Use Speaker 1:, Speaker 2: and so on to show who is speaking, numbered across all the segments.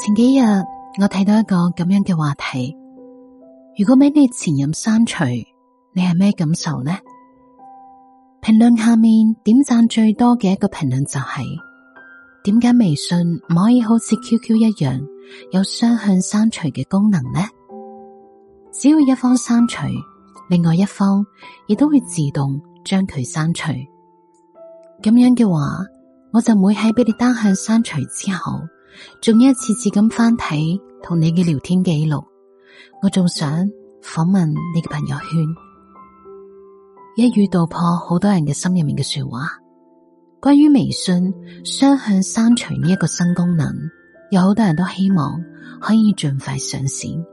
Speaker 1: 前幾日我睇到一個咁樣嘅話題，如果俾你前任刪除，你係咩感受呢？評論下面點讚最多嘅一個評論就係，點解微信唔可以好似 QQ 一樣有雙向刪除嘅功能呢？只要一方刪除，另外一方亦都會自動將佢刪除。咁樣嘅話，我就唔會喺俾你單向刪除之後，仲一次次咁翻睇同你嘅聊天記錄，我仲想訪問你嘅朋友圈，一語道破好多人嘅心入面嘅說話。關於微信雙向刪除呢一個新功能，有好多人都希望可以盡快上線。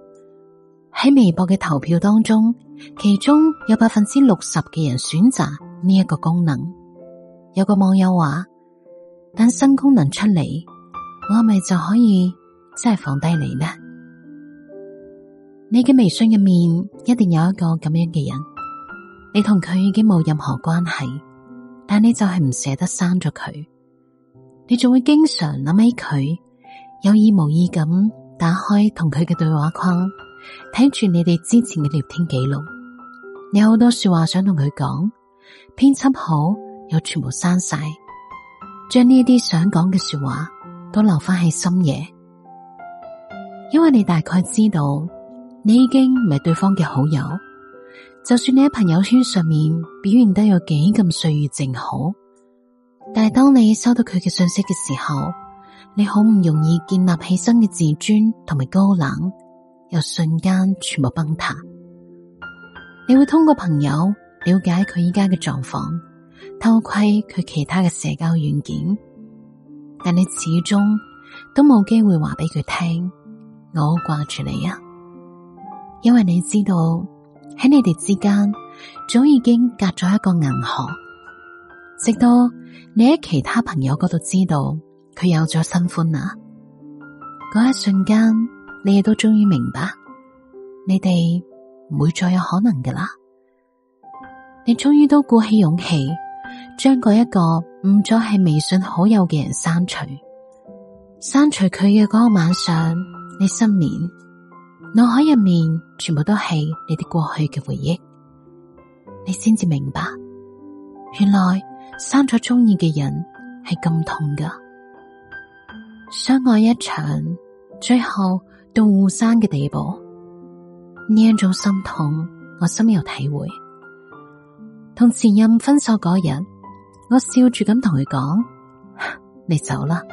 Speaker 1: 喺微博嘅投票當中，其中有百分之六十嘅人選擇呢一個功能。有個網友話：等新功能出嚟。我係咪就可以真係放低你呢？你嘅微信入面一定有一個咁樣嘅人，你同佢已經冇任何關係，但你就係唔捨得刪咗佢，你仲會經常諗起佢，有意無意咁打開同佢嘅對話框，睇住你哋之前嘅聊天記錄，你有好多說話想同佢講，編輯好又全部刪晒，將呢啲想講嘅說話。都留返喺深夜，因為你大概知道你已經唔係對方嘅好友。就算你喺朋友圈上面表現得有幾咁歲月靜好，但係當你收到佢嘅信息嘅時候，你好唔容易建立起身嘅自尊同埋高冷，又瞬間全部崩塌。你會通過朋友了解佢依家嘅狀況，偷窺佢其他嘅社交軟件。但你始終都冇機會話俾佢聽，我好掛住你啊！因為你知道喺你哋之間，早已經隔咗一個銀河。直到你喺其他朋友嗰度知道佢有咗新歡喇，嗰一瞬間，你亦都終於明白，你哋唔會再有可能㗎啦。你終於都鼓起勇氣。將嗰一個誤咗係微信好友嘅人刪除，刪除佢嘅嗰個晚上，你失眠，腦海入面全部都係你啲過去嘅回憶，你先至明白，原來刪咗中意嘅人係咁痛噶。相愛一場，最後到互刪嘅地步，呢一種心痛，我深有體會。同前任分手嗰日。我笑住咁同佢講：你走啦！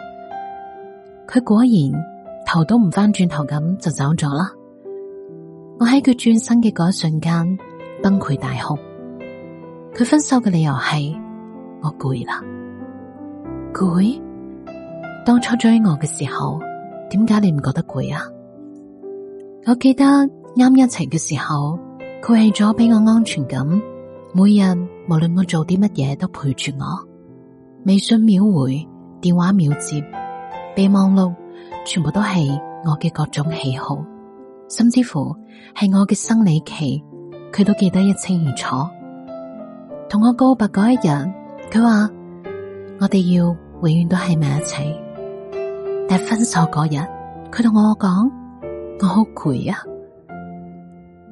Speaker 1: 佢果然頭都唔翻轉頭咁就走咗啦。我喺佢轉身嘅嗰一瞬間崩潰大哭。佢分手嘅理由係我攰啦。攰？當初追我嘅時候，點解你唔覺得攰啊？我記得啱一齊嘅時候，佢為咗俾我安全感，每日，無論我做啲乜嘢都陪住我，微信秒回，電話秒接，備忘錄全部都係我嘅各種喜好，甚至乎係我嘅生理期，佢都記得一清二楚。同我告白嗰一日，佢話我哋要永遠都喺埋一齊。但分手嗰日，佢同我講我好攰啊，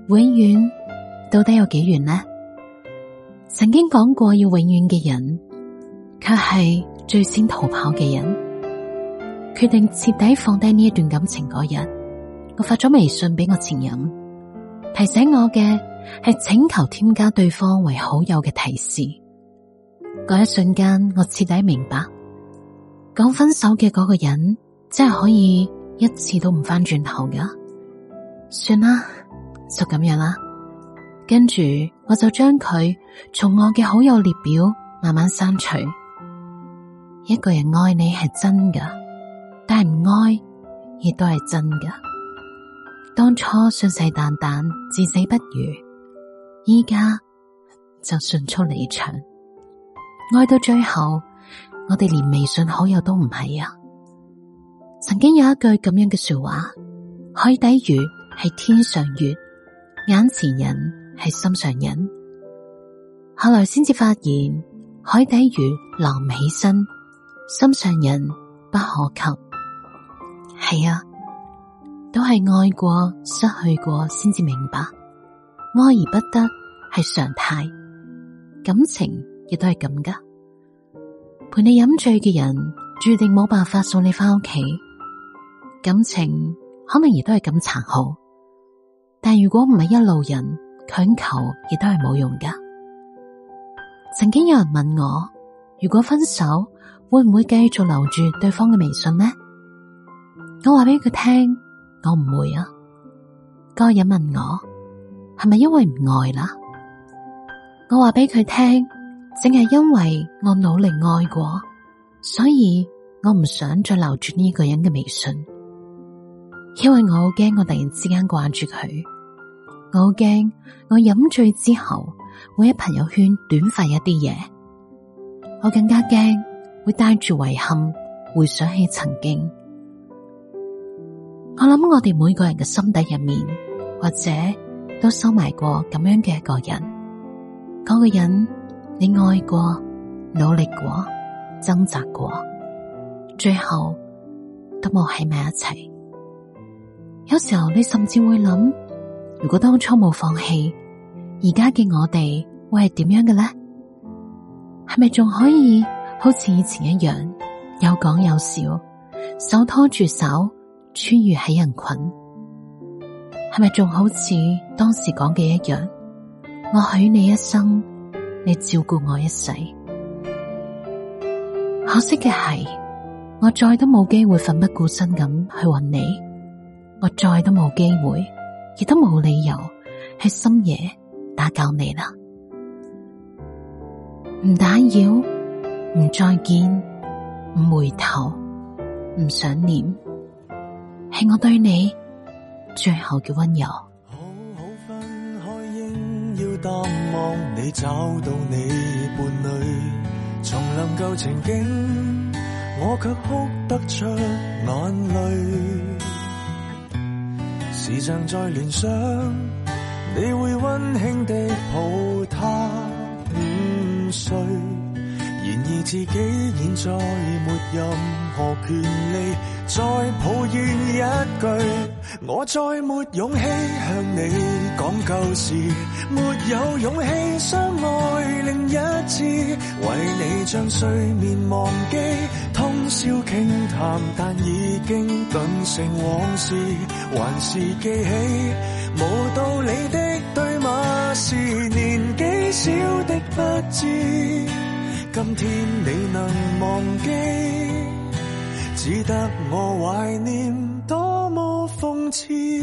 Speaker 1: 永遠到底有幾遠呢？曾經講過要永遠嘅人，却係最先逃跑嘅人。決定徹底放低呢一段感情嗰日，我發咗微信俾我前任，提醒我嘅係請求添加對方為好友嘅提示。嗰一瞬間，我徹底明白，講分手嘅嗰個人真係可以一次都唔返轉頭㗎。算啦，就咁樣啦。跟住，我就將佢從我嘅好友列表慢慢刪除。一個人愛你係真噶，但係唔愛亦都係真噶。當初信誓旦旦，至死不渝，依家，就迅速離場。愛到最後，我哋連微信好友都唔係啊。曾經有一句咁樣嘅說話：海底月係天上月，眼前人。係心上人，後來先至發現海底月撈唔起身，心上人不可及。係啊，都係愛過、失去過先至明白，愛而不得係常態，感情亦都係咁㗎。陪你飲醉嘅人，注定冇辦法送你翻屋企，感情可能亦都係咁殘酷。但如果唔係一路人。強求亦都係冇用噶。曾經有人問我，如果分手會唔會繼續留住對方嘅微信呢？我話俾佢聽，我唔會啊。個人問我係咪因為唔愛啦？我話俾佢聽，淨係因為我努力愛過，所以我唔想再留住呢個人嘅微信，因為我好驚我突然之間掛住佢。我驚我飲醉之後會喺朋友圈短發一啲嘢，我更加驚會帶住遺憾回想起曾經。我諗我哋每個人嘅心底入面，或者都收埋過咁樣嘅一個人。嗰個人你愛過、努力過、掙扎過，最後都冇喺埋一齊。有時候你甚至會諗。如果當初冇放棄，而家嘅我哋會係點樣嘅呢？係咪仲可以好似以前一樣，有講有笑，手拖住手穿越喺人群？係咪仲好似當時講嘅一樣？我許你一生，你照顧我一世。可惜嘅係，我再都冇機會奮不顧身咁去揾你，我再都冇機會。.亦都冇理由喺深夜打攪你啦，唔打擾，唔再見，唔回頭，唔想念，係我對你最後嘅溫柔。好好分
Speaker 2: 開應要淡忘，你找到你伴侶，重臨舊情景，我卻哭得出眼淚。時常在聯想，你會温馨的抱他午睡，然而自己現在沒任何權利再抱怨一句，我再沒勇氣向你講舊時，沒有勇氣相愛另一次，為你將睡眠忘記。少傾談，但已經頓成往事，還是記起。無道理的對罵是年紀小的不知，今天你能忘記，只得我懷念，多麼諷刺。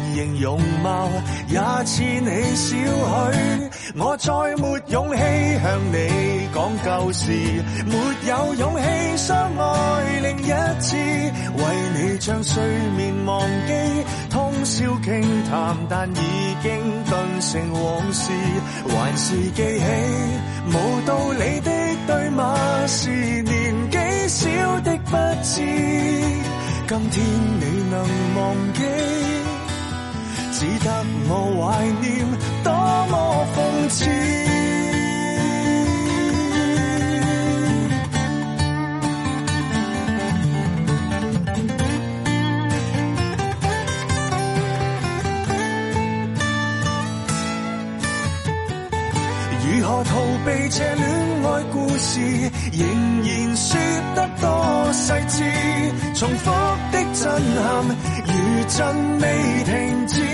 Speaker 2: 形容貌也似你少許，我再沒勇氣向你講舊事，沒有勇氣相愛另一次，為你將睡眠忘記，通宵傾談，但已經頓成往事，還是記起，無道理的對罵是年紀小的不智，今天你能忘記？只得我懷念，多麼諷刺。如何逃避這戀愛故事，仍然説得多細緻，重複的震撼餘震未停止。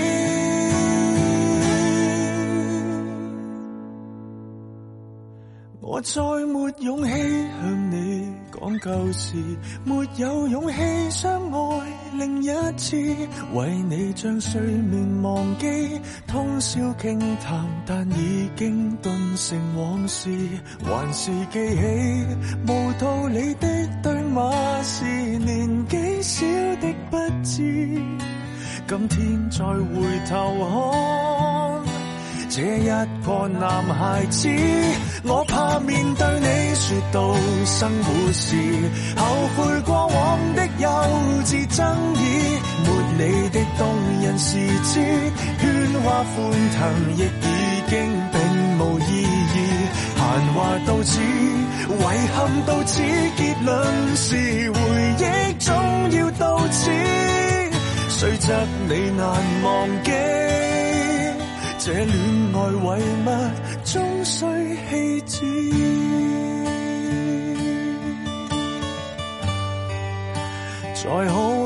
Speaker 2: 我再沒勇氣向你講舊事，沒有勇氣相愛另一次，為你將睡眠忘記，通宵傾談，但已經頓成往事，還是記起無道理的對罵是年紀小的不智，今天再回頭看。這一個男孩子，我怕面對你説到生活時，後悔過往的幼稚爭議，沒你的動人時節，喧譁歡騰亦已經並無意義，閒話到此，遺憾到此，結論是回憶總要到此，雖則你難忘記。這戀愛遺物，終須棄置。再好。